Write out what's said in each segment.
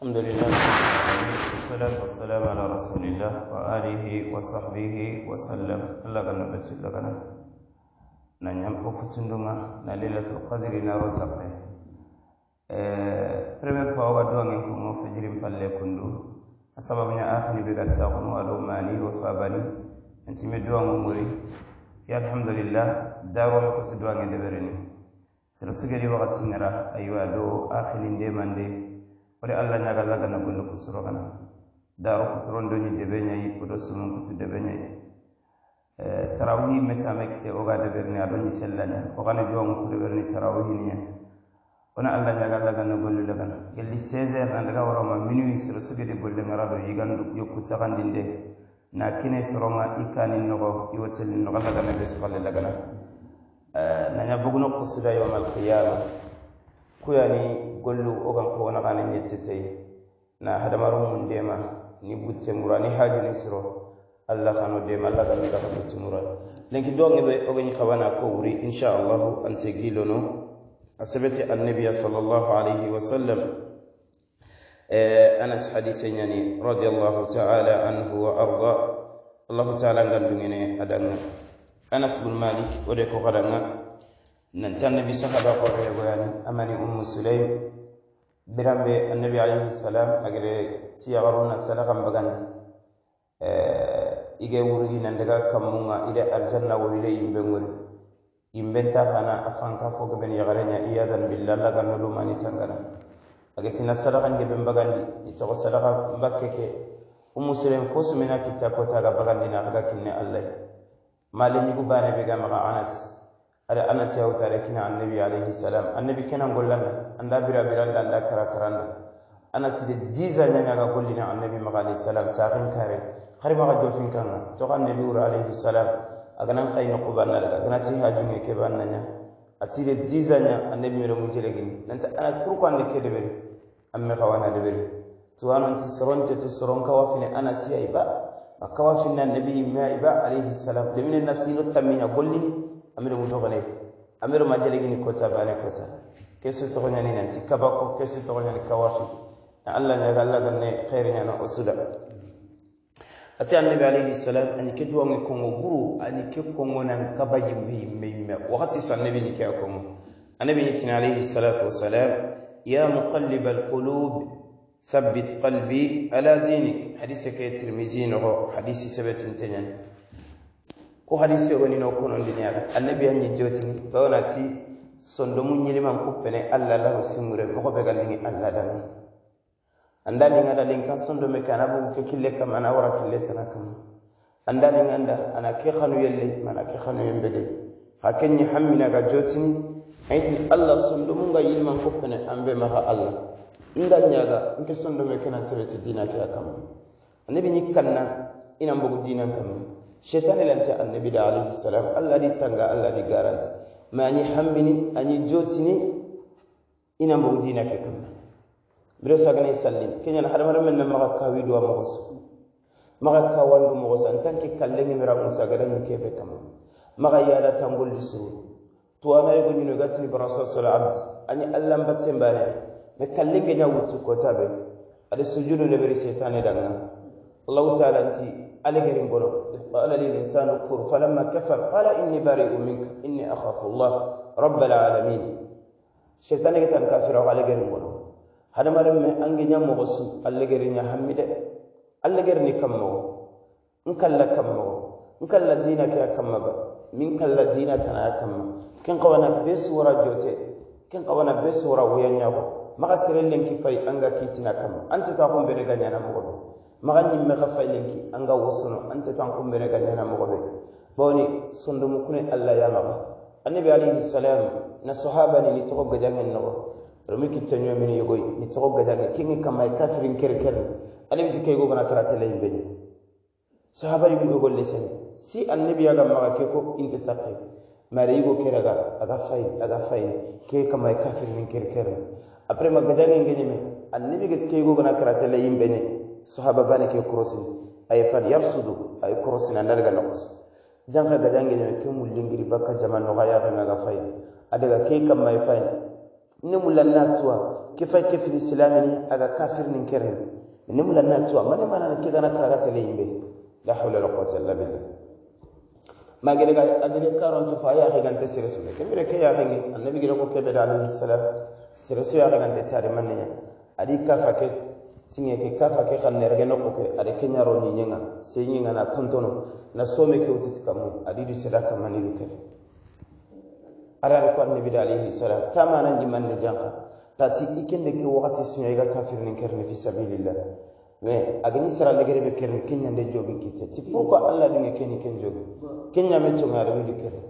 الحمد لله والصلاة والسلام على رسول الله وآله وصحبه وسلم الله كنا بتشل غنى نعم أفتندنا نليلة القدر نارو تقي ربما آه، فاوا دوان كم فجر بالله كندو سببنا آخر بقتا قنوا لوماني وفابني أنت مدوان مري يا الحمد لله دارو حكت دوان دبرني سلسجري وقت نرى أيوة دو آخر ديمان دي, من دي wore alla ñagalla kana golle ko soro kana dawo debe ñayi woto sunun kutu debe ñayi eh, tarawuhi metame kite wo ga deberini aɗo ñi sella ña wo kana jowaŋo ku deberini tarawuhini ña wona alla ñagalla kana golle le kana gelli 16 heures nandaga woroma minuit soro sogede golle yigandu yokku na kine soronga i nogo i wotelni nogo alla kana be lagana eh, naña bogno kusuda yowma alqiyama kuyani gollu ogan ko na kanan yettete na hadamaru mun dema ni butte mura ni haju ni siro allah kano dema allah ga mira butte mura lenki donge be ogan kawana ko wuri insha allah ante gilono asabati annabi sallallahu alaihi sallam e, anas hadise ñani radiyallahu taala anhu wa arda allah taala ngandugene adanga anas bin malik ode ko hadanga nanti annabi sahaba korre goyani amani ummu sulaym birambe annabi alayhi salam agere tiyagaruna sadaqan bagandi ige wurgi nandaga kammunga ide aljanna wo ile yimbe ngori yimbe ta hana afanka fo geben yagarenya iyadan billah la kan lu mani tangana agati na sadaqan geben bagandi itago sadaqa mbakkeke ummu sulaym fo sumina kitta kota ga bagandi na aga kinne allah mali nyugo bana be ga maga anas ada anas siyaw tare kina annabi alaihi salam annabi kina gollanna anda bira biranda anda kara karanna ana side diza ñañaga gollina annabi maga alayhi salam saxin kare xari maxa jofin kanga to kan nabi ur alaihi salam aganan xayni qubanna daga ti haju aganati hajunge kebanna ña atide diza nya annabi mere mu nan ta anas kur pourquoi ande ke deɓeri amme khawana xawana deɓeri tuwanonti soronte tu soron ka wafine anas siyay ba a kawafinna annabi yimme iba alaihi salam de na sino tamina gollini amiru mu dogone amiru ma jale gini kota bane kota kesu to gonya ni nanti kabako kesu to gonya ni kawafi na Allah nya ga Allah ganne khairin yana usuda ati annabi alayhi salam an ke wa ngi kongo buru an ke kongo nan kabaji muhimme me wakati sanabi ni ke kongo annabi ni tin alayhi salatu wassalam ya muqallibal qulub ثبت قلبي على دينك حديثك الترمذي نغو حديث سبت تنين ko hadisio goni no konondiniyala annabi an ñejjotini ti sondo mu ñiliman kuppene allah lahu simure mogo be gallingi allah dami anda linga da linkan sondo me kana bugu ke kille kam ana wara kille tana kam anda linga anda ana ke khanu yelle mana ke khanu yembe de ha kenni hammina ga jotini ni allah sondo mu ga yiliman kuppene ambe maha allah inda ñaga nke sondo me kana sebeti dina ke akam annabi ñi kanna ina mbugu dina kam shetani lanti annabi da alayhi salam allah di tanga allah di garanti ma ni hammini ani jotini ina mbugu dina ke kamma biro sagana sallim kenyal hadamar men na maka kawi duwa magoso maka kawandu magoso antanki kallengi mira mun sagada ni kefe kamma maka yada tangol lisuru tuwana yugo nyino gatini barasa sallallahu alaihi wasallam ani allah mbatte mbare me kalle kenya wutu kotabe ade sujudu lebiri setane danga allah ta'ala ti ألقرين بلو إذ قال لي الإنسان اكفر فلما كفر قال إني بريء منك إني أخاف الله رب العالمين شيطان يتان كافر ألقرين بلو هذا مرم أنجي نعم غسو ألقرين يحمد ألقرين كمو إنك الله كمو إنك الله دينك يا كمو منك الله دينك أنا كمو كن قوانا بس ورا جوتي كن قوانا بس ورا ويا نعم مغسرين لنكي فاي أنجا كيتنا كمو أنت تقوم بلغاني أنا مغلو maga ñimme xa faylenki anga wosono ante tan kumbene ka ñana mogo ɓe bawni sondomu kune allah yamaxa annabi alayhi salam na sahaba ni toxo gajangen noxo romi kitta ñomini yogoy ni toxo gajange kenge kamay kafirin ker kerni annabi ti kaygo gana karatelayin beñi sahaba mu yogolle sene si annabi yaga maxa ke ko inte saqe mare yigo keraga aga fay aga fay ke kamay kafirin ker kerni après ma gajangen geñeme annabi get kaygo gana karatelayin beñe sahaba bane ke korosi ay fan yarsudu ay korosi na daga nokos janka ga jangi ne ke mulingiri baka jaman no gaya ga ga fay adaga ke kam mai fay ni mulan na tsuwa ke fay ke fil islam ni aga kafir nin kerin ni mulan na tsuwa mane mana ke ga na ka ga tele imbe la hawla wala quwwata illa billah ma gele ga adele karon su fa ya ga ganta sire su ke mere ke ya ga ni annabi gele ko ke be da alayhi salam sire su ya ga ganta tare manne adika kafa ke tinge ke kafa ke kan nerge no ko ade ke nyaro ni nyenga se nyinga na tontono na some ke utiti kamu adidu sadaka manilu ke ara ko an annabi alayhi salam kama nan jiman ne janka tati de ke wati sunya ga kafir nin kerne fi sabilillah me agni sara gere be kerne kenya de jogi kite ti poko allah dinge keni ken jogi kenya me chonga de ni kerne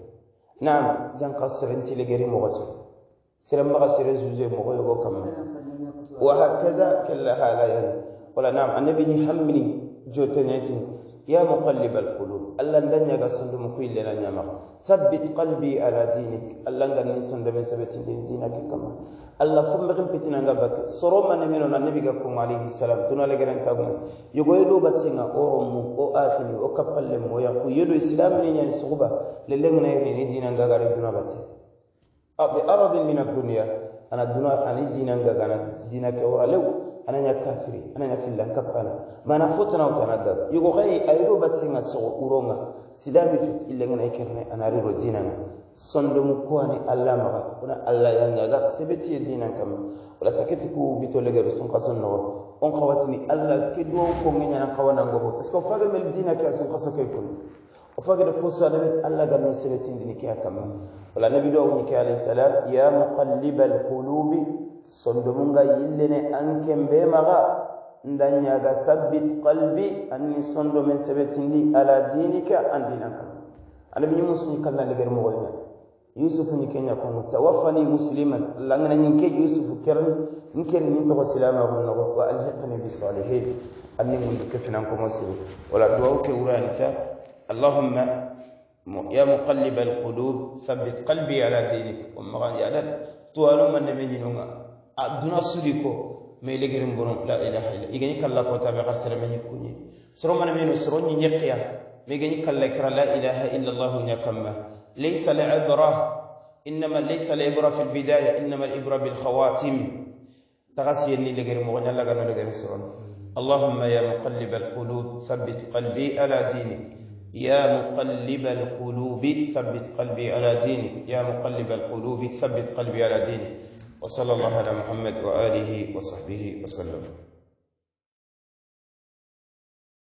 naam janka le gere mo goto seremma ga sere zuje mo go kamma وهكذا كلها لا ينام ولا نعم عن نبي همني جوتنيتي يا مقلب القلوب الا لن يغسل مكيل لن يمر ثبت قلبي على دينك الا لن يسند من ثبت دينك كما الا ثم غن بتنا غبك سرو من النبي كم عليه السلام دون لغن تاغنس يغويدو باتنا اورم او اخلي او كبلم او يكو يدو اسلام من يعني صغبه للغن يرين دينك غارب دون باتي أبي أرض من الدنيا ana duna ani dinanga gana dina ke wora lew ananya kafiri ananya tilla kapana mana fotana utana ga yugo kai ayro batinga so uronga silami fit illengana ikerne anari ro dinanga sondo mukwane alla maga una alla yanga ga sebeti dinan kam wala saketi ku bitolege rusun qason no on khawatini alla kedwo ko ngenya na qawana ngobo esko faga mel dinaka sun qaso kay kun وفقد فرصة نبي الله قال من سبتين دنكيها كما ولا نبي دو نكي عليه السلام يا مقلب القلوب صندمونغا يلني أنكم بمغا ندنيا ثبت قلبي أني صندو من سبتين لي على دينك أن دينك أنا بني مسلم كلا لغير مغلنا يوسف نكينا كم توفني مسلما لأننا نكي يوسف كرن نكرن نتغى سلاما وألحقني بالصالحين أني من كفنا كم ولا دعوك ورانتا اللهم يا مقلب القلوب ثبت قلبي على دينك وما غان يعلم طوال من نبي نونا دون سوريكو ما يلقرن بروم لا إله إلا الله يغني كلا قوتا بغر سلمني كوني سرو من نبي ني نيقيا مي غني كلا كرا لا إله إلا الله نكما ليس لعبرة إنما ليس لعبرة في البداية إنما العبرة بالخواتم تغسي اللي لقرن مغنى لقرن لقرن سرون اللهم يا مقلب القلوب ثبت قلبي على دينك يا مقلب القلوب ثبت قلبي على دينك يا مقلب القلوب ثبت قلبي على دينك وصلى الله على محمد وآله وصحبه وسلم